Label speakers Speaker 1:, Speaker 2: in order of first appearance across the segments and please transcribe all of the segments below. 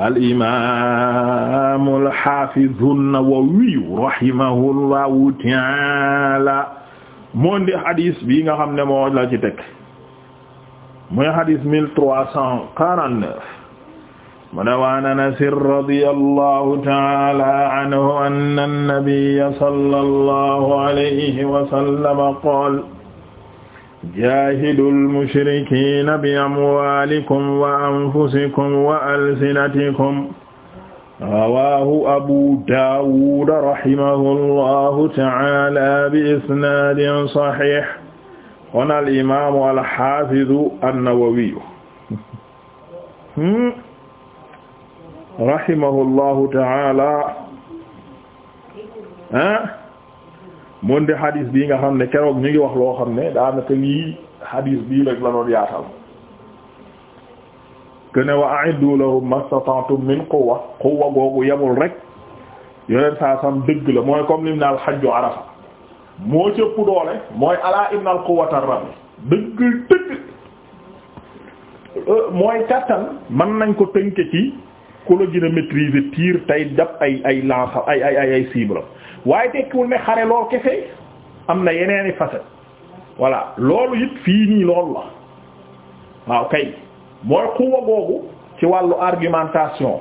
Speaker 1: al-imaamu al-haafizu an-Nawawiyu rahimahullahu ta'aala moo ndi hadis bii nga xam ne moo la ci teg mooy hadis mille trois cent quarante-neuf mu ne waan Anas radiyallahu ta'aala anhu anna an-nabiyya sallallahu alayhi wa sallam qaala jaahidul mushrikiina bi amwaalikum wa anfusikum wa alsinatikum rawaahu abu daawud rahimahullahu ta'aala bi isnaadin saxiix kon al imaamu al xaafidu an-nawawiyu hmm? rahimahullahu ta'aala moon de bii nga xam ne keroog ñu ngi wax loo xam ne daanaka lii hadis bii rek la doon yaatal kene wa a'iddu lahum mastata'tum min quwwa quwwa googu yemul rek yoneen saa sam dëgg la mooy comme lim naal xajju arafa moo cëpp doole mooy alaa innal quwwata rabbi dëgg dëgg euh, mooy kàttan mën nañ ko tënk ci ku la gën a tiir tey jàpp ay ay lancer ay waaye tekkiwul ne xare lool kese am na yeneeni facette voilà loolu it fii nii loolu la waaw kay mooy xuwa googu ci wàllu argumentation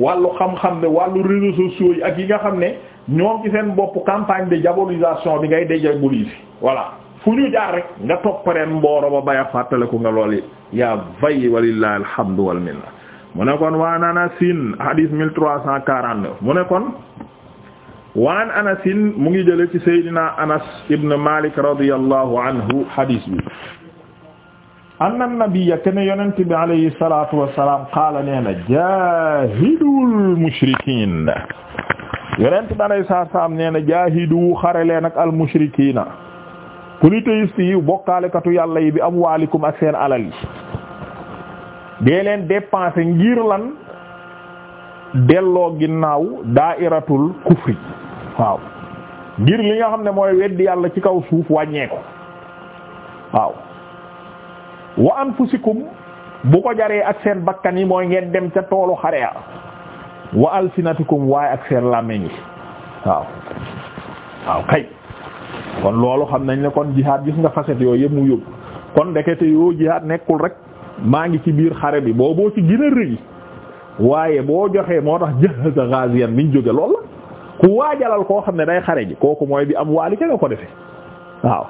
Speaker 1: wàllu xam-xam ne wàllu réseaux sociaux yi ak yi nga xam ne ñoom ci seen bopp campagne de diabolisation bi ngay de dédiaboliser voilà fu ñu jaar rek nga toppareen mbooro ba baya fàttaleku nga lool yi yaa vayi walillahi alhamdu wal minna mu ne kon waa nana sin hadith 1349 mu ne kon waan anasin mu ngi jële ci Seydina Anas ibn Malik radiyallahu anhu hadis bi anna nabiyya kana yonent bi salatu wassalam qaala nee na jahidul mushrikin yonent bi alayhi salatu wassalam nee na jahidu xare yàlla yi bi amwaalikum ak seen alal yi dee delloo ginnaaw daa'iratul kufri waaw ngir li nga xam ne mooy weddi yàlla ci kaw suuf wàññeeku waaw wa anfusikum bu ko jaree ak seen bakkan yi mooy ngeen dem ca toolu xare ya wa alsinatikum waaye ak seen làmmiñ yi waaw kay kon loolu xam nañ ne kon jihaad gis nga facette yooyu yëpp mu yóbbu kon ndekete yoo jihaad nekkul rek maa ngi ci biir xare bi boo boo ci gën a waaye boo joxee moo tax jahaza ghaziyan biñ jóge lool la ku waajalal koo xam ne day xare ji kooku mooy bi am waali ca nga ko defee waaw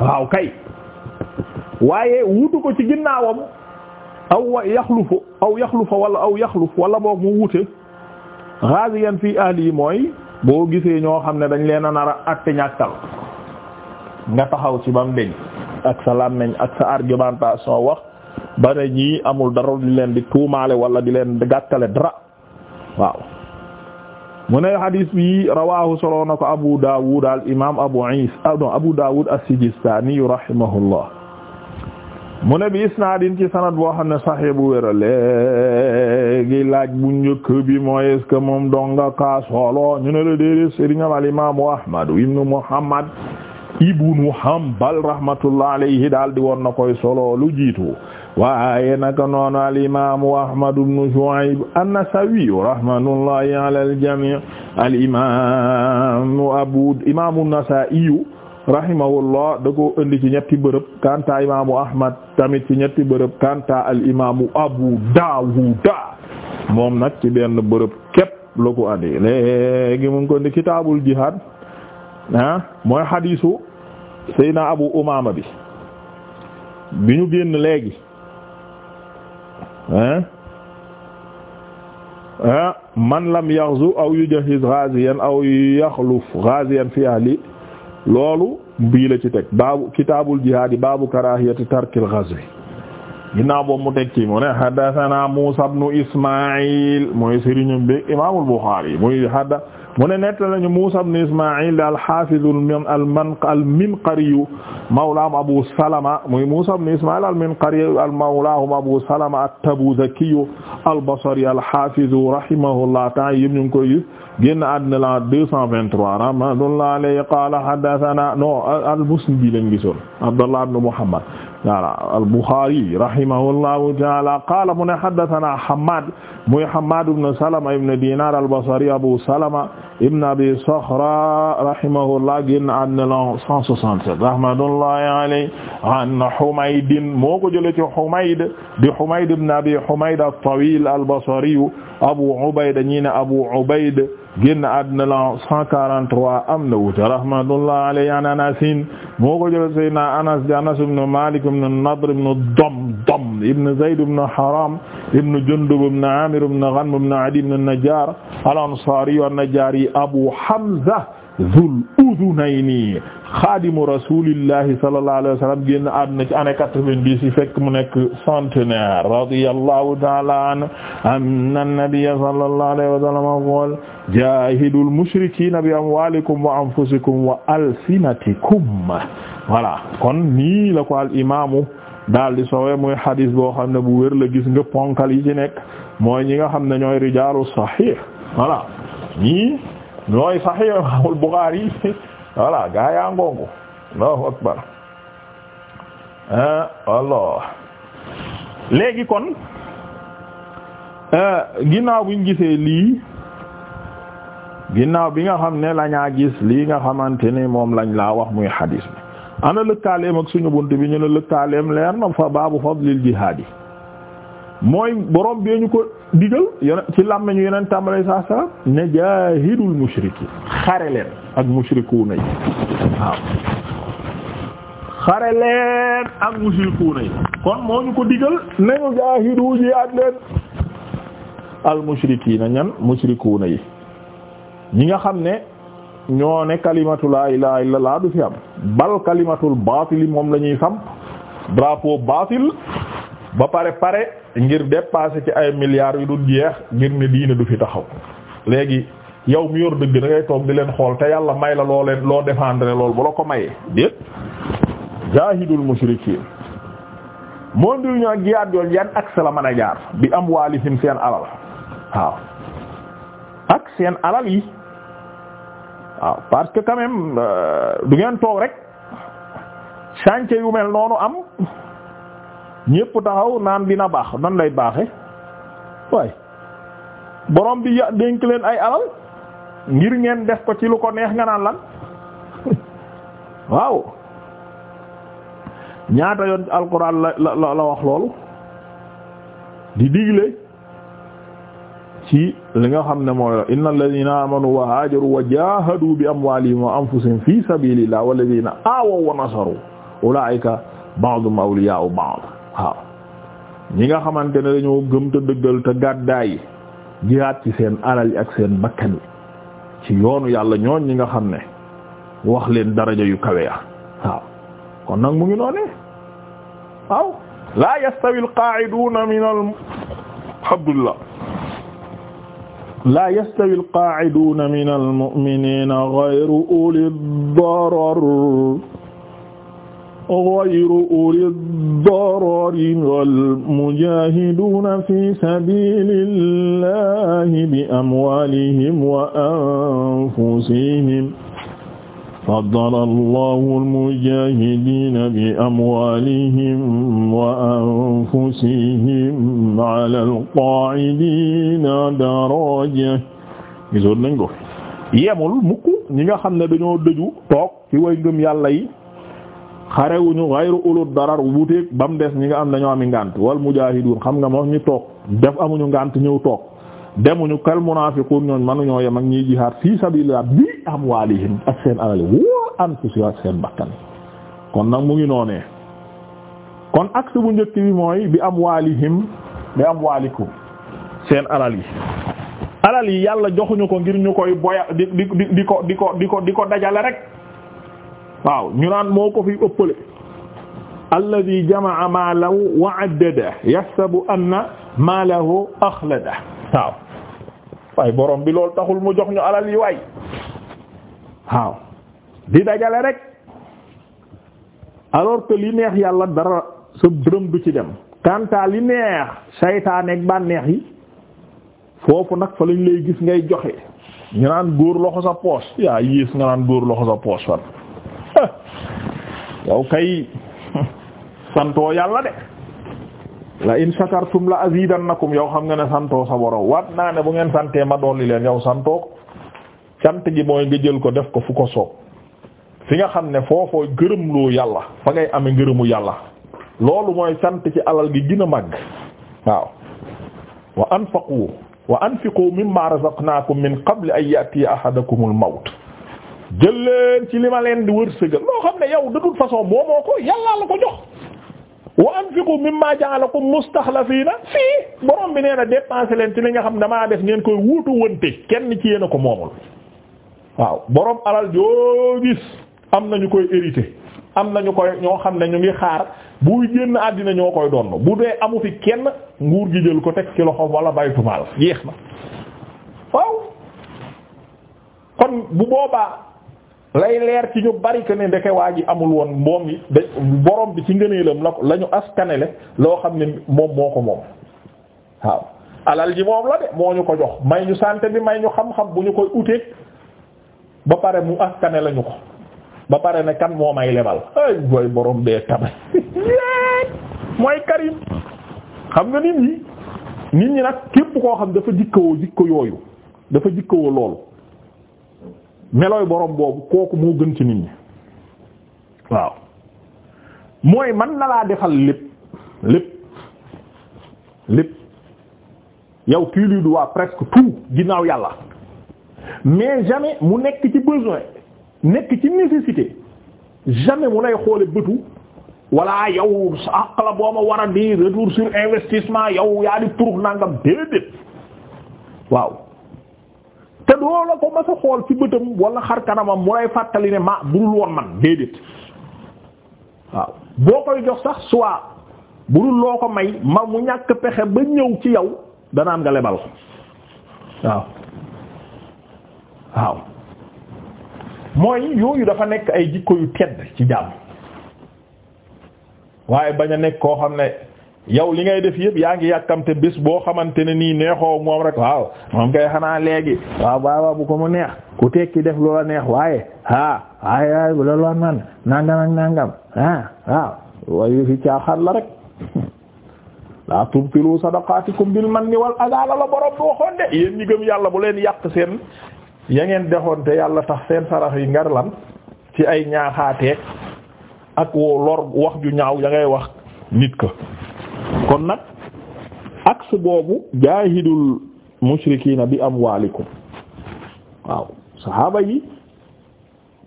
Speaker 1: waaw kay waaye wutu ko ci ginnaawam aw yaxlufu aw yaxlufa wala aw yaxluf wala boog mu wute ghaziyan fii àll yi mooy boo gisee ñoo xam ne dañ leen a nara a àtte ñàkkal nga taxaw ci bam deñ ak sa làmmiñ ak sa argumentation wax ba ne ñii amul dara di leen di tuumaale wala di leen gàttale dara waaw mu ne hadis bi rawahu soloo na Abu Dawud al imam Abu Isa ah Abu Dawud as-Sijistani rahimahullah mu ne bi isnaadin ci sanad boo xam ne sahih bu wér léegi laaj bu njëkk bi mooy est-ce que donga ka solo ñu ne la déedéet sëriñam al imam Ahmad ibn Muhammad ibn Hanbal rahmatullah alayhi daal di woon na koy solo lu waaye naka noonu al'imamu Ahmad ibn Shu'ayb an-Nasawi rahmatullahi ala al abu imamu Nasa'i rahimahullah da ko ci ñetti bërëb kanta imamu Ahmad tamit ci ñetti bërëb kanta al'imamu Abu Dawud moom nag benn bërëb képp la andi léegi mu ngi ko indi ah, mooy hadiisu Seydina Abu Umaama bi bi ñu génn léegi. ah man lam yaghzu aw yujahiz ghaziyan aw yakhluf ghaziyan fi ahli loolu bii la ci teg baabu kitaabul jihaad baabu karaahiyati tarkil ghazwi ginnaaw boobu mu teg ci mu ne haddathana Muusaa ibnu Ismaa'il mooy sëriñ bi Imaamul Buxaari muy hadda mu ne nett nañu Muusaa ibn Ismaa'il al-Haafiz al-Minqari mawlaahum Abu Salama muy Muusaa ibn Ismaa'il al-Minqari mawlaahum Abu Salama at-Tabuzaki al-Basri al-Haafiz rahimahullah ta'ala yëpp ñu ngi koy gis génn àddina la 223 rahmatullahi alayhi qaala haddathana no al-Muslim bi lañ gisoon Abdullah ibn Muhammad voilà al-Bukhari rahimahullahu ta'ala qaala mu ne haddathana Hammad muy Hammad ibn Salama ibn Dinar al-Basri Abu Salama ibn Abi Sakhra rahimahullah génn àddina la 167 rahmatullahi alayhi an Humayd moo ko jëlee ci Humayd di Humayd ibn Abi Humayd at-Tawil al-Basri Abu Ubayd ñi ne Abu Ubayd génn àdduna la 143 am na wuute rahmatullah alayhi an anasin moo ko jël sayyidina anas di anas ibn malik ibn nadr ibn damdam ibn zayd ibn haram ibn jundub ibn amir ibn ghanm ibn adi ibn najjar al ansari an najjari abu hamza Zul Udunayni xaadimu rasulillahi sallallahu alayhi wa sallam génn àdduna ci année quatre-vingt-dix yi fekk mu nekk centenaire radiyallahu ta'ala anhu anna nabiyya sallallahu alayhi wa sallam qaala jaahidul mushrikiina bi amwaalikum wa anfusikum wa alsinatikum voilà kon nii la ko al imaamu daal di sowe muy hadis boo xam ne bu wér la gis nga ponkal yi ci nekk mooy ñi nga xam ne ñooy rijaalu saxiix voilà ñii ñooy Sahih Imam Bukhari voilà gaa yaa ngongu Allahu akbar ah, Allah léegi kon ah, ginnaaw buñ gisee lii ginnaaw bi nga xam ne lañaa gis lii nga xamante ne moom lañ laa wax muy xadiis bi ana lëkkaaleem ak suñu bunt bi ñu ne lëkkaaleem leer na fa baabu fadlil jihaad yi mooy borom bee ñu ko digal yone ci làmmiñu yeneen tàmbalee saa saa ne jaahidul mushriki xare leen ak mushrikuuna yi waaw xare leen ak mushrikuuna yi kon moo ñu ko digal nañu jaahidu jihaad leen al mushrikiina ñan mushrikuuna yi ñi nga xam ne ñoo ne kalimatu laa ilaaha illallaah du fi am bal kalimatul baatili moom lañuy samp drapeau baatil ba pare pare ngir dépasser ci ay milliards yu du jeex ngir ne diine du fi taxaw léegi yow mi yor dëgg da toog di leen xool te yàlla may la loo leen loo défendre loolu bu la ko mayee déet jahidul mushrikiin moo ndiw ñoo ak jiyaat yoon yan ak sa la jaar bi am waalihim seen alal waaw seen alal yi waaw parce que quand euh, du ngeen toog rek chantier yu mel noonu am ñépp taxaw naan dina baax nan lay baaxe waaye borom bi ya dénk leen ay alal ngir ngeen def ko ci lu ko neex nga naan lan waaw ñaata yoon alxuraan la la la wax loolu di digle ci li nga xam ne mooy innal ladina amanu wa hajaru wa jahadu bi amwalihim wa anfusihim fi sabilillah walladina awaw wa nasaru ulaika ba'dhum awliya'u ba'd waaw ñi nga xamante ne dañoo gëm te dëggal te gàddaay yi ci seen alal yi ak seen bakkan yi ci yoonu yàlla ñooñ ñi nga xam ne wax leen daraja yu kawe ya waaw kon nag mu ngi noonee waaw laa yastawi alqaa'iduuna min al abdullah laa yastawi alqaa'iduuna min almu'miniina ghayru uli darar غير أولي الضرر والمجاهدون في سبيل الله بأموالهم وأنفسهم فضل الله المجاهدين بأموالهم وأنفسهم على القاعدين درجة gisoon nañ ko yemul mukk ñi nga xam ne dañoo dëju toog ci way ngëm yàlla yi xarewuñu xayru ulul darar wuteeg ba mu des ñi nga am dañoo ami ngànt wal mujaahiduun xam nga moom ñu toog def amuñu ngànt ñëw toog demuñu kal munaafiquun ñooñ manuñoo yem ak ñiy jihaad fii sabilillah bi amwaalihim ak seen alal wa anfusihim ak seen bakkan kon nag mu ngi noonee kon axe bu njëkk bi mooy bi amwaalihim bi amwaalikum seen alal yi alal yi yàlla joxuñu ko ngir ñu koy boya di di di ko di ko di ko di ko dajale rek waaw ñu naan moo ko fi ëppale alladi jamaa maalahu wa addada yaxsabu anna maalahu axlada waaw waaye borom bi lool taxul mu jox ñu alal yi waay waaw di dajale rek alors que li neex yàlla dara sa dërëm ci dem kanta li neex saytaan bànneex yi foofu nag fa lañ lay gis ngay joxe ñu naan góor loxo sa poche yaa yées nga naan góor loxo sa poche fan yow kay santoo yàlla de la in shakartum la azidannakum yow xam nga ne santoo sa boroom waat naa ne bu ngeen santee ma dolli leen yow santoo ko cant gi mooy nga jël ko def ko fu ko soob fi nga xam ne foofoo gërëmloo yàlla fa ngay amee ngërëmu yàlla loolu mooy sant ci alal gi gën a màgg waaw wa anfaqu wa anfiqu mimma ko min qabli an ya'tiya ahadakumul mawt jël leen ci li ma leen di wërsëgal loo xam ne yow de toute façon moomoo ko yàllaa la ko jox wa anfiqu mimma ja'alakum mustaxlafiina fii borom bi nee na dépenser leen ci li nga xam ne damaa def ngeen koy wuutu wante kenn ci yéen ko moomul waaw boroom alal joo gis am na ñu koy hérité am na ñu koy ñoo xam ne ñu ngi xaar buy génn àddina ñoo koy donn bu dee amu fi kenn nguur gi jël ko teg ci loxo wala baytumaal yéex na waaw kon bu boobaa. lay leer ci ñu bari que ne ndeke waa ji amul woon moom yi da borom bi ci ngëneelam la ko lañu askanele loo xam ne moom moo ko moom waaw alal ji moom la de moo ñu ko jox may ñu santé bi may ñu xam-xam bu ñu koy uteeg ba pare mu askane lañu ko ba pare ne kan moo may lebal ay booy borom bee tabay mooy karim xam nga nit ñi nit ñi nag képp koo xam dafa jikkawoo jikko yooyu dafa jikkawoo loolu melooy boroom boobu kooku moo gën ci nit ñi waaw mooy man na laa defal lépp lépp lépp yow kii lui doit presque tout ginnaaw yàlla mais jamais mu nekk ci besoin nekk ci nécessité jamais mu lay xoole bëtu walla yow àq la boo ma war a retour sur investissement yow yaa di turux nangam déedéet waaw doo la ko ma sa xool ci bëtam wala xar kanamam mu lay fàttali ne ma budul woon man déedéet waaw boo koy jox sax soit budul loo ko may ma mu ñàkk pexe ba ñëw ci yow danaan nga lebal ko waaw waaw mooy yooyu dafa nekk ay jikko yu tedd ci jàmm waaye bañ a nekk koo xam ne yow li ngay def yëpp yaa ngi yàkkamte bés boo xamante ne nii neexoo moom rek waaw moom kay xanaa léegi waaw waaw bu ko mu neex ku tekki def loola neex waaye ah waaye waaye bu la rek la tubtilu sadaqatikum bil manni wal adha la borom bi yàlla bu leen yàq seen ya ngeen dexoon te yàlla tax seen sarax yi ngar lan ci ay ñaaxaateeg ak lor wax ju ñaaw ya wax nit ko kon nag axe boobu jaahidul mushrikiina bi amwaalikum waaw saxaaba yi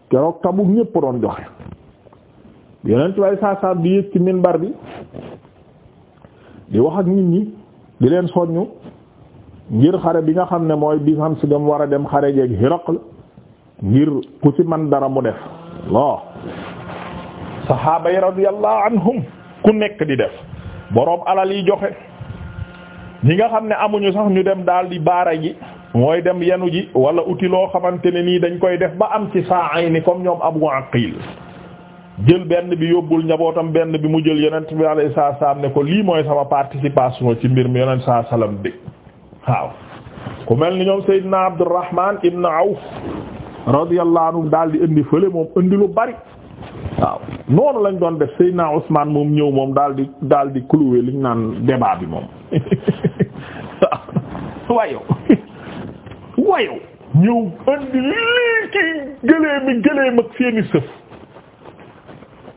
Speaker 1: keroog Tabuk ñépp doon joxe yeneen way saa saa bi yéeg ci minbar bi di wax ak nit ñi di leen soññu ngir xare bi nga xam ne mooy bi xam si dem war a dem xare jeeg Hiraql ngir ku ci man dara mu def loo saxaaba yi radiyallahu anhum ku nekk di def boroom alal yi joxe ñi nga xam ne amuñu sax ñu dem daal di baara ji mooy dem yenu ji wala uti loo xamante ne nii dañ koy def ba am ci saa ay comme ñoom Abu Aqil jël benn bi yóbbul njabootam benn bi mu jël yonent bi alayhi salaam ne ko lii mooy sama participation ci mbir mi yonent saa salaam bi waaw ku mel ni ñoom Seydina Abdurrahman ibn Awf radiyallahu anhu daal di indi fële moom indi lu bari. waaw noonu lañ doon def Seydina Ousmane moom ñëw moom daal di daal di clouer liñ naan débat bi moom waaw wayow wayow ñëw lii ki gëlee mi gëlee mag seeni sëf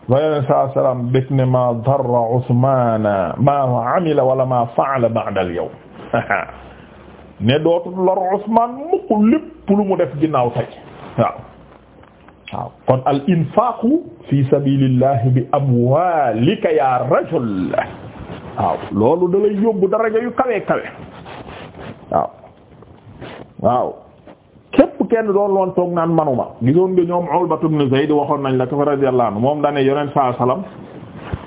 Speaker 1: waye saa salaam bég ne ma darra Ousmane wala ma fa'ala ba'da al yawm ne dootul lor mukk lépp lu mu def ginnaaw tey waaw waaw kon al infaqu fi sabilillah bi amwalika ya rajul waaw loolu da lay yóbbu daraja yu kawe kawe waaw waaw képp kenn doon loon toog naan manuma gisoon nga ñoom Ulbatu ibn Zayd waxoon nañ la ko radiyallahu anhu moom dane yonent saa salaam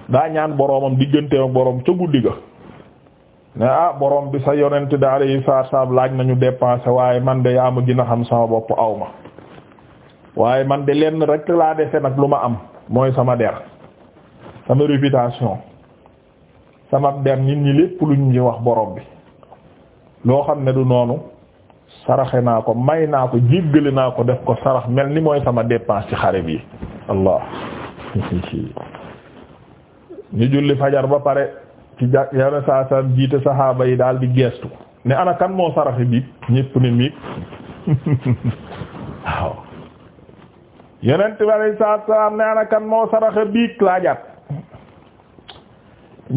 Speaker 1: daa ñaan boroomam digganteem boroom ca guddi ga ne ah boroom bi sa yonent yi alayhi salaam laaj nañu dépensé waaye man de yaa ma gën xam sama bopp aw ma waaye man de lenn rek laa dese nag lu ma am mooy sama der sama réputation sama der nit ñi lépp lu ñu wax boroom bi loo xam ne du noonu saraxe naa ko may naa ko jéggale naa ko def ko sarax mel ni mooy sama dépense ci xare bi allah ñu julli fajar ba pare ci ja yàlla saa saa jiite saxaaba yi daal di geestu ne ana moo saraxe bi ñépp ne miig waaw. yeneen bi alay salaam nee na kan moo saraxe biig laajaat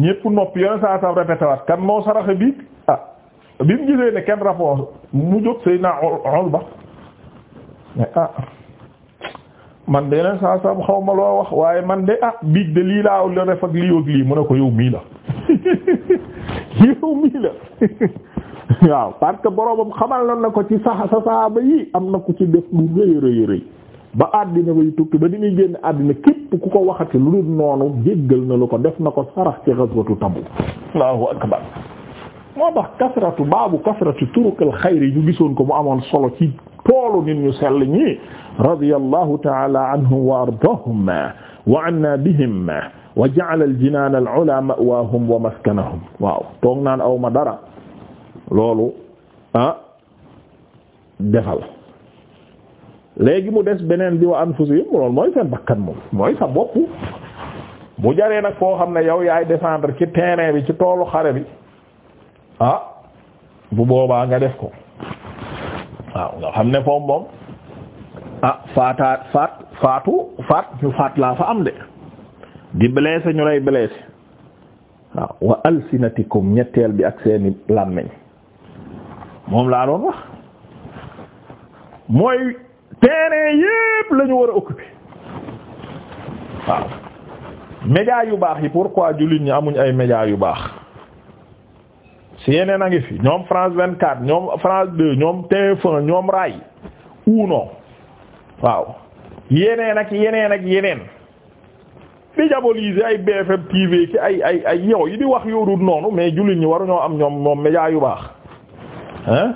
Speaker 1: ñépp noppi yeneen saa salaam répété waat kan moo saraxe biig ah bi mu gisee ne kenn rapport mu jóg sëy naa ah, man de yeneen saa salaam xaw ma loo wax waaye man de ah biig de lii laa la def ak lii ak lii mu ne ko yow mii la yow mii la waaw parce que boromam xamal na ko ci sax sa saaba yi am na ku ci def lu rëy rëy ba àddina bay tukki ba di muy génn àddina képp ku ko waxati lu dul noonu jéggal na lu ko def na ko sarax ci ghazwatu Tabuk Allahu akbar moo tax kasratu baabu kasratu turukil xayri ñu gisoon ko mu amoon solo ci toolu nit ñu sell ñi radiyallahu ta'ala anhum wa ardaahum wa anna bihim wa ja'ala al-jinaan al-'ulaa wa maskanahum waaw toog aw ma dara loolu ah, defal léegi mu des beneen bi wa anfusihim loolu mooy seen bakkan moom mooy sa bopp bu jaree nag koo xam ne yow yaay descendre ci terrain bi ci toolu xare bi ah bu boobaa nga def ko waaw nga xam ne foofu moom ah faataat faat faatu faat ñu faat laa fa am de di blessé ñu lay blessé waaw wa alsinatikum ñetteel bi ak seeni làmmiñ moom laa doon wax mooy terrain yépp la war a occuper waaw média yu baax yi pourquoi jullit ñi amuñ ay média yu baax yeneen a ngi fi ñoom France 24 ñoom France 2 ñoom tf ñoom RAI Uno waaw yeneen ak yeneen ak yeneen di diaboliser ay BFM TV ki ay ay ay yow yi di wax yow du noonu mais jullit ñi waruñoo am ñoom moom yu baax hein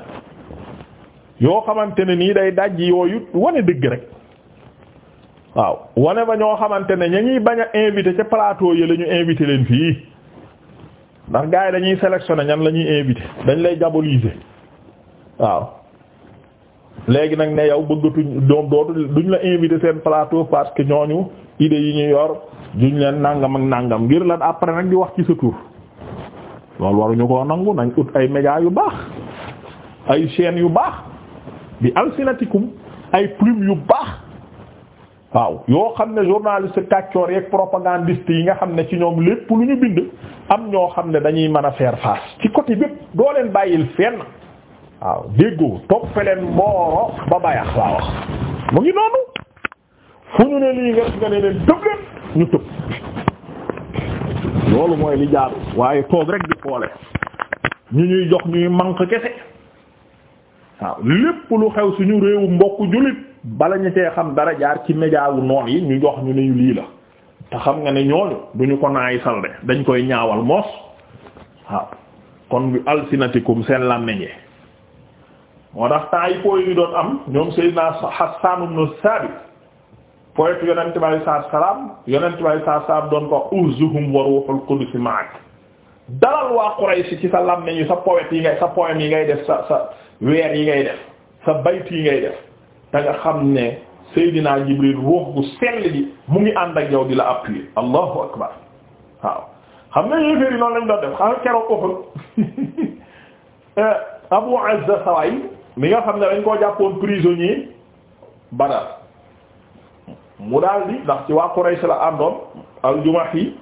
Speaker 1: yoo xamante ne nii day daj yooyu wane dëgg rek waaw wane ba ñoo xamante ne ña ñuy bañ a invité ca plateau yi la invité leen fii ndax gars yi dañuy sélectionné ñan la ñuy invité dañ lay diaboliser waaw léegi nag ne yow bëggatuñ doom dootu duñ la invité seen plateau parce que ñooñu idées yi ñu yor duñ leen nangam ak nangam ngir la après nag di wax ci sa tur loolu waruñu ko nangu nañ ut ay médias yu baax ay chaînes yu baax. bi alsinatikum ay plume yu baax waaw yoo xam ne journaliste kàccoor yeeg propagandiste yi nga xam ne ci ñoom lépp lu ñu bind am ñoo xam ne dañuy mën a faire face ci côté bépp doo leen bàyyil fenn waaw déggoo toppeleen mbooro ba bayax laa wax mu ngi noonu fu ñu ne lii nga nga ne leen tëb leen ñu tëb loolu mooy li waaye toog rek di xoole ñu ñuy jox ñuy manque kese waaw lépp lu xew suñu réew mbokk jullit bala ñu tee xam dara jaar ci média wu noon yi ñu jox ñu ne lii la te xam nga ne ñooñu duñu ko naay sal dañ koy ñaawal moos waaw kon bi alsinatikum seen làmmiñ yi moo tax temps am ñoom Seydina Hassan ibn Sabit poète yonent bi alayhi salaatu salaam yonent bi ma'ak dalal waa Quraysh ci sa làmmiñ yi sa poète yi ngay sa poème yi ngay def sa sa weer yi ngay def sa bayt yi ngay def te nga xam ne Seydina Jibril ruux gu sell bi mu ngi ànd ak yow di la appuyer allahu akbar waaw xam nga yéeféer yi noonu lañ doon def xam nga keroog Uhud eh, Abu Azza Saway mi nga xam ne dañ koo jàppoon prisonnier Badar mu daal di ndax ci waa Quraysh la àndoon al-Jumahi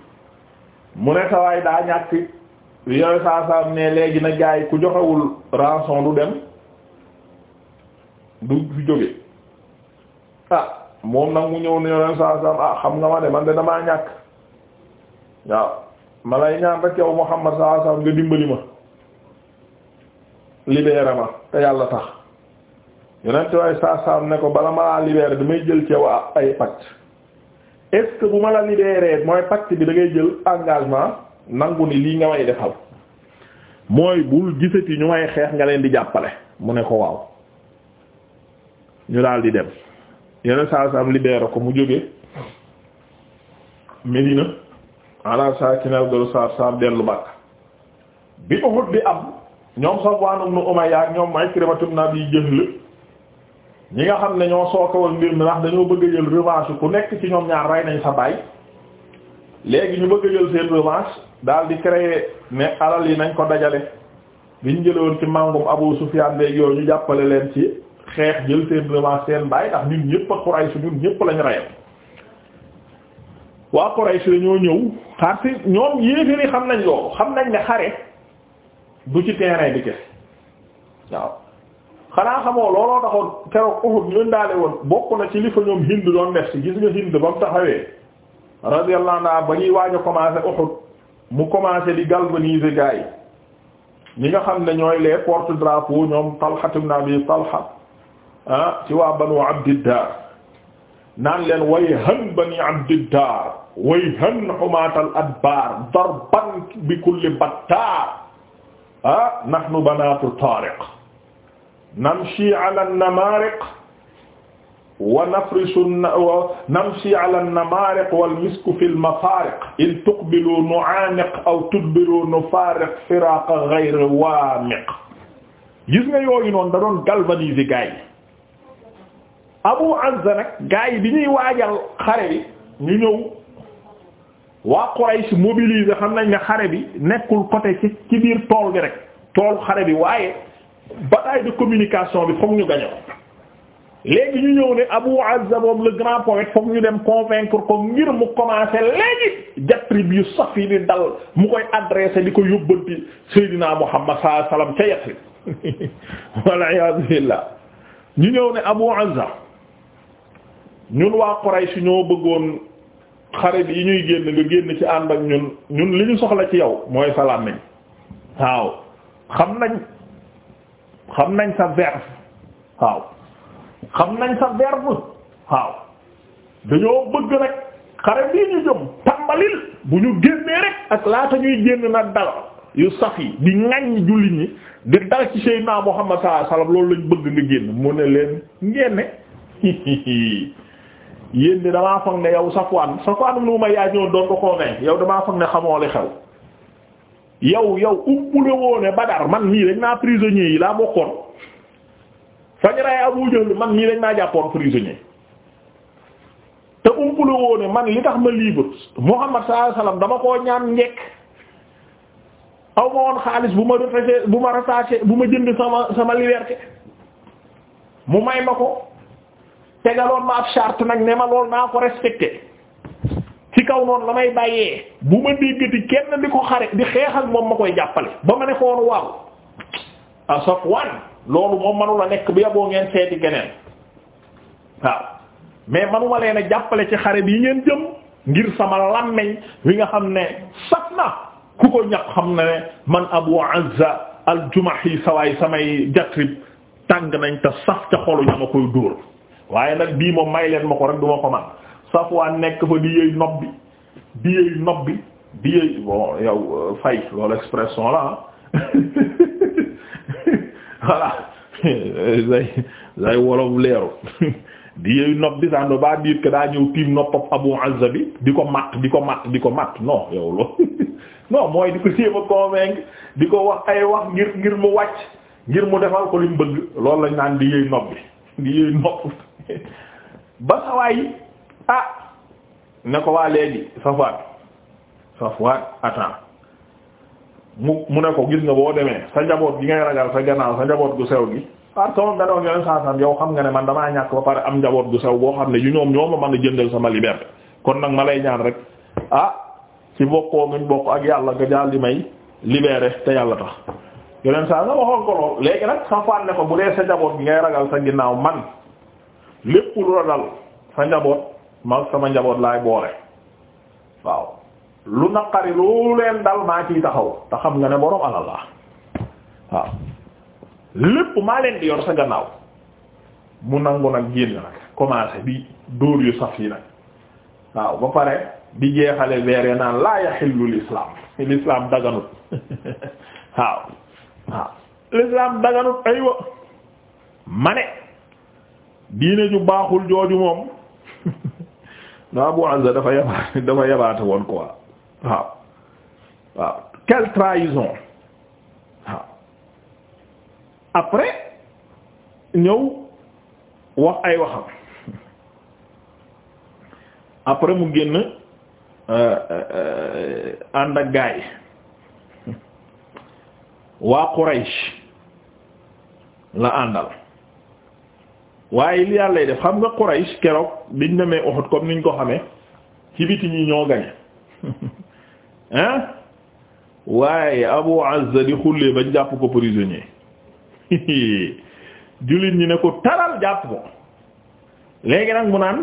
Speaker 1: mu ne sawaay daa ñàkk yooyu saa ne léegi na gaay ku joxewul rançon du dem du fi jóge ah moom nag mu ñëw ne yooyu saa saa ah xam nga ma de man de damaa ñàkk waaw ma lay ñaan rek yow Muhammad saa saa nga dimbali ma libéré ma te yàlla tax yonent waaye saa saa ne ko bala ma laa libéré damay jël ci ay pacte est que bu ma la libéré mooy pacte bi dangay jël engagement nangu ni lii nga may defal mooy bul gisati ñu may xeex nga leen di jàppale mu ne ko waaw ñu daldi dem yenn saa sam libéré ko mu jóge Medina ala saa kinel dolu sar sam dellu Makka bi Uhud di am ñoom Safwaan ibn Umayya ak ñoom Ikrima ibn Abi Jahl ñi nga xam ne ñoo sooke woon mbir mi ndax dañoo bëgg a jël revanche ku nekk ci ñoom ñaar rey nañ sa baay léegi ñu bëgg a jël seen revanche daal di créer ne alal yi nañ ko dajale biñ jëloon ci màngum Abu Sufyaan léegi yooyu ñu jàppale leen ci xeex jël seen revanche seen bàyyi ndax ñun ñëpp a Quraysh ñun ñëpp lañ rayal waa Quraysh ñoo ñëw parce que ñoom yéeféri xam nañ loolu xam nañ ne xare du ci terrain bi kese waaw xanaa xamoo looloo taxoon keroog Uhud ñu daale woon bokk na ci li fa ñoom Hind doon def ci gis nga Hind ba mu taxawee radiyallahu anhu ba ñuy waaj a commencé Uhud mu commencé di galvaniser gars yi ñi nga xam ne ñooy les porte drapeau ñoom Talha ibn Abi Talha ah ci waa Banu Abdiddar naan leen wayhan Bani Abdiddar wayhan humaatal adbaar darban bi kulli battaar ah nahnu banaatu Taariq namshi ala an-namaariq wa nafrisu wa namshi ala an-namaariq wal misku fi al-mafaariq in tuqbilu nu'aaniq aw tudbiru nufaariq firaaqa ghayri waamiq gis nga yooyu noonu da doon galvaniser gars yi Abu Azza nag gars yi bi ñuy waajal xare bi ñu ñëw waa Quraysh mobiliser xam nañ ne xare bi nekkul côté ci ci biir tool bi rek tool xare bi waaye bataille de communication bi foog ñu gañe ko léegi ñu ñëw ne Abu Azza boobu le grand poète fokk ñu dem convaincre ko ngir mu commencer léegi jatrib yu saf yi di dal mu koy adresser di ko yóbbanti Seydina Muhammad sallallahu alayhi wasallam ca Yasrib walla iyaazu billaah ñu ñëw ne Abu Azza ñun waa Quraysh ñoo bëggoon xare bi yi ñuy génn nga génn ci ànd ak ñun ñun li ñu soxla ci yow mooy salaam nañ waaw xam nañ xam nañ sa verve waaw xam nañ sa verbe waaw dañoo bëgg rek xare bii ñu jëm tàmbalil bu ñu génnee rek ak laata ñuy génn na dal yu saf yi di ŋaññ jullit ñi di dal ci Seydina Muhammad sallallahu alayhi wasallam loolu lañ bëgg nga génn mu ne leen ngeen yéen di damaa foog ne yow Safwaan Safwaan lu ma yaa ñëw doon ko koo yow damaa foog ne xamoo li xew yow yow umpule woo ne man nii dañ naa prisonnier yi laa bokkoon fañ rey Abu Jahl man nii dañ naa jàppoon prisonnier te umpale woo ne man li tax ma libre Muhammad sallallahu alayhi dama koo ñaan njekk aw ma woon xaalis bu ma retraité bu ma rattaché bu ma jënd sama sama liberté mu may ma ko tegaloon ma ab charte nag ne ma lool naa ko respecté ci kaw noonu la may bàyyee bu ma déggati kenn di ko xare di xeex ak moom ma koy jàppale ba ma ne ko woon waaw asaf wan loolu moom manu nekk bu yaboo ngeen seeti keneen waaw mais manuma leen a jàppale ci xare bi yi ngeen jëm ngir sama làmmeñ wi nga xam ne sat na ku ko ñaq xam ne man Abu Azza al-Jumahi sawaay samay jatrib tàng nañ te saf ca xolu ña ma koy dóor waaye nag bii moom may leen ma ko rek duma ko man Safwaan nekk fa di yëy nob bi di yëy nob di yëy bon yow euh, fay loolu expression la ah. voilà say say wolof leeru di yooyu nopp di saan ba diir que daa ñëw tiim noppam Abu Azza di ko matt di ko matt di ko matt non yow loolu non mooy di ko jéem a convaincre di ko wax ay wax ngir ngir mu wàcc ngir mu defal ko li mu bëgg loolu lañ naan di yooyu nopp bi di yooyu nopp ba sawaay ah ne ko waa léegi Safwaan Safwaan attends mu mu ne ko gis nga boo demee sa njaboot gi ngay ragal sa gannaaw sa njaboot gu sew gi parce que moom da doon yoon saasam yow xam nga ne man damaa ñàkk ba pare am njaboot gu sew boo xam ne yu ñoom ñoo ma mën a jëndal sama liberté kon nag ma lay ñaan rek ah ci bokkoo guñ bokk ak yàlla nga daal di may libéré te yàlla tax yeneen saa nga ko léegi nag sa faat bu dee sa njaboot gi ngay ragal sa ginnaaw man lépp lu la dal sa njaboot mag sama njaboot laay boole waaw lu naqari lu leen dal maa ciy taxaw te xam nga ne borom alal waaw lépp maa leen di yor sa gannaaw mu nangu nag génn nag commencé bi dóor yu saf yi nag waaw ba pare di jeexale veere naan laa yaxillu l'islam l'islam daganut waaw waaw l'islam daganut aywa mane diine ju baaxul jooju moom no Abu Anza dafa yabaat dafa yabaate woon quoi waaw waaw quelle trahison waaw après ñëw wax ay waxam après mu génn euh, euh, ànd ak gaay waa Quraysh la àndal waaye li yàlla def xam nga Quraysh keroog biñ demee Uhud comme niñ ko xamee ci biti ñi ñoo gañe hein waaye Abu Azza di xullee bañ jàpp ko prisonnier jullit ñi ne ko taral jàpp ko léegi nag mu naan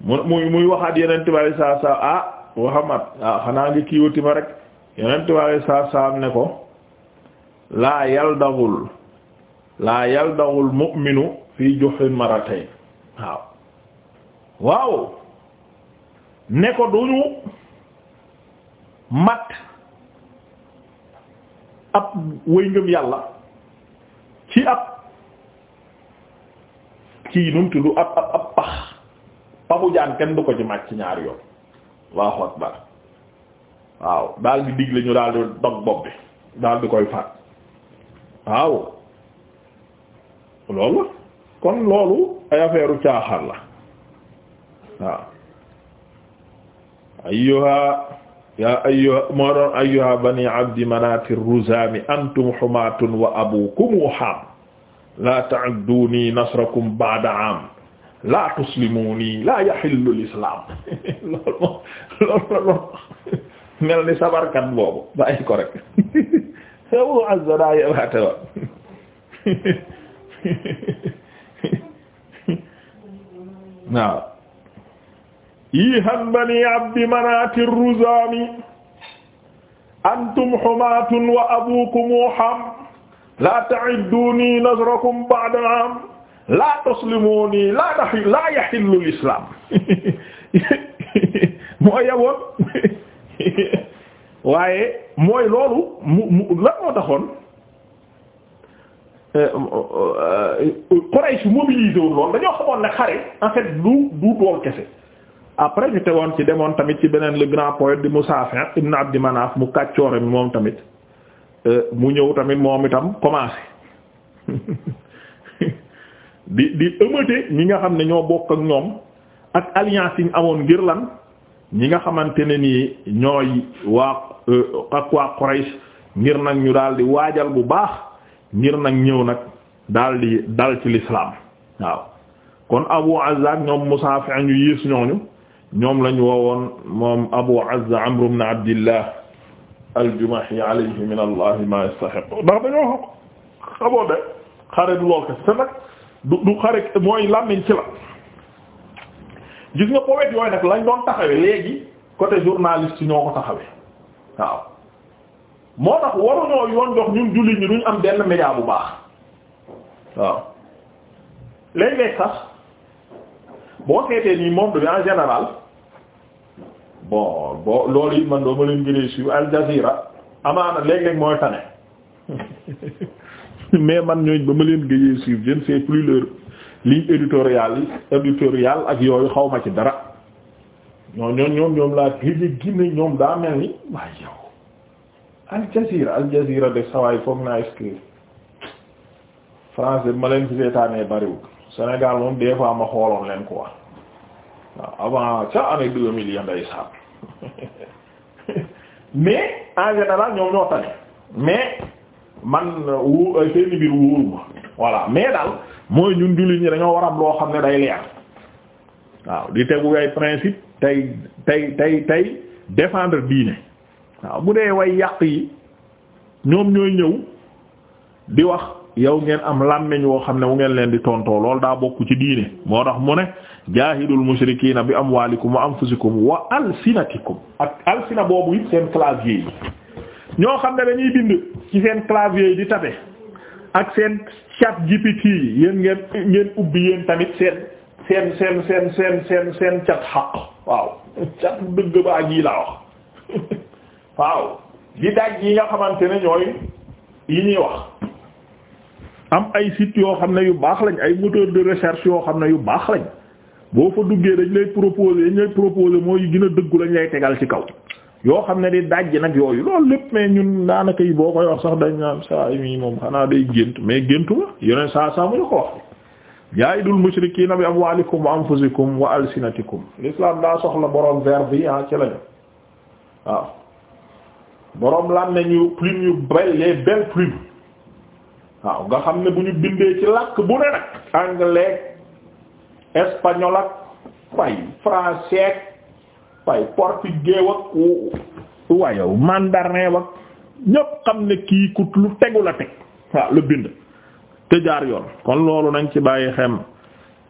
Speaker 1: mu muy waxaat yeneen tibaari saa saa ah Muhammad ah xanaa ngi kiiwati ma rek yeneen tibaari saa saa ne ko laa yaldaxul laa yaldaxul mu'minu fii juhrin maratayn waaw waaw ne ko duñu mat ab wëy ngëm yàlla ci ab kii num tudd ab ab ab pax paxu kenn du ko ci màcc ñaar yoon Allahu akbar waaw daal di digle ñu daal di dog bopp bi daal di koy faat waaw loolu kon loolu ay affaire caaxaan la waaw ayyuha yaa ayyuha moo doon ayyuha bani abdi manati ruzaami antum xumaatun wa abukum wuhaam laa ta'udduunii nasrakum ba'da 'aam laa tuslimuunii laa yahillu l-islaam loolu moom loolu la lool mel ni sabarkat boobu bàyyi ko rek Abu Azza daa yebaate woon waaw yihan bani abdi manati ruzami antum humatun wa abukum ham la ta'udduni nazrakum ba'da am la tuslimuni la dahi la yahillu l'islam mooy yaboon waaye mooy loolu mu mu lan moo taxoon eh, eh, Quraysh mobilisé woon loolu dañoo xamoon ne xare en fait du du dool kese après ñu tegoon ci demoon tamit ci beneen le grand poète di Musafi ibn Abdi Manaf mu kàccoore mi moom tamit euh, mu ñëw tamit moom itam commencé di di ëmmate ñi nga xam ne ñoo bokk ak ñoom ak alliance yi ñu amoon ngir lan ñi nga xamante ne nii ñooy waa euh, ak waa Quraysh ngir nag ñu daal di waajal bu baax ngir nag ñëw nag daal di dal ci l'islam waaw kon Abu Azzar ñoom Musafi ñu yiis ñooñu ñoom lañ woowoon moom Abu Azza Amr ibn Abdillah al-Jumahi alayhi min Allah ma yastahiq ndax dañoo xamoo de xare du lool kese nag du xare mooy làmmiñ ci la gis nga poète yooyu nag lañ doon taxawee léegi côté journaliste ñoo ko taxawee waaw moo tax waruñoo yoon jox ñun jullit ñi duñ am benn média bu baax waaw léeg-léeg sax boo seetee nii monde bi en général. bon bo loolu it man doo ma leen gënee suivre Al Jazeera amaana léeg mooy tane mais man ñooñ ba ma leen gënee suivre je ne plus leur ligne éditoriale yi éditoriale ak yooyu xawma ci dara ñoo ñoom ñoom laa gëj gine ñoom daa mel ni waaye yow Al Jazeera de sawaay foog naa inscrire français ma leen fi seetaanee bariwul Sénégal moom des fois ma xooloon leen quoi waaw avant ca année deux mille yi nday sàpp mais en général ñoom ñoo tane mais man euh, wu euh, seen mbir wóoruma voilà mais daal mooy ñun jullit ñi dañoo war am loo xam ne day leer waaw di tegu ay principe tey tey tey tey défendre diine waaw bu dee way yàq yi ñoom ñooy ñëw di wax. yow ngeen am làmmiñ woo xam ne wu ngeen leen di tontoo loolu daa bokku ci diine moo tax mu ne jaahidul mushrikiina bi am amwaalikum wa anfusikum wa alsinatikum ak alsina boobu it seen clavier yi ñoo xam ne dañuy bind ci seen clavier yi di tape ak seen chat GPT yi yéen ngeen ngeen ubbi yéen tamit seen seen seen seen seen seen seen cat xaq waaw cat dëgg baa gii laa wax waaw di daj yi nga xamante ne ñooy yi ñuy wax am ay sites yoo xam ne yu baax lañ ay moteur de recherche yoo xam ne yu baax lañ boo fa duggee dañ lay proposer dañ lay proposer mooy gën a dëggu lañ lay tegal ci kaw yoo xam ne di dajji nag yooyu loolu lépp mais ñun daanaka yi boo koy wax sax dañ naan saa yi moom xanaa day gént mais géntu ma yeneen saa saa mu la ko wax jaahidul mushrikiina bi amwaalikum wa anfusikum wa alsinatikum l'islam daa soxla borom verbe yi ah ci lañu waaw borom lan nañu plume yu belle les belles waaw nga xam ne bu ñu bindee ci làkk bu ne nag anglais espagnol ak way français way portugais wak mandarin wak ñépp xam ne kii lu tegu la teg waaw lu bind te jaar yoon kon loolu nañ ci bàyyi xel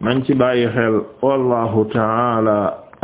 Speaker 1: nañ ci bàyyi xel wallahu taala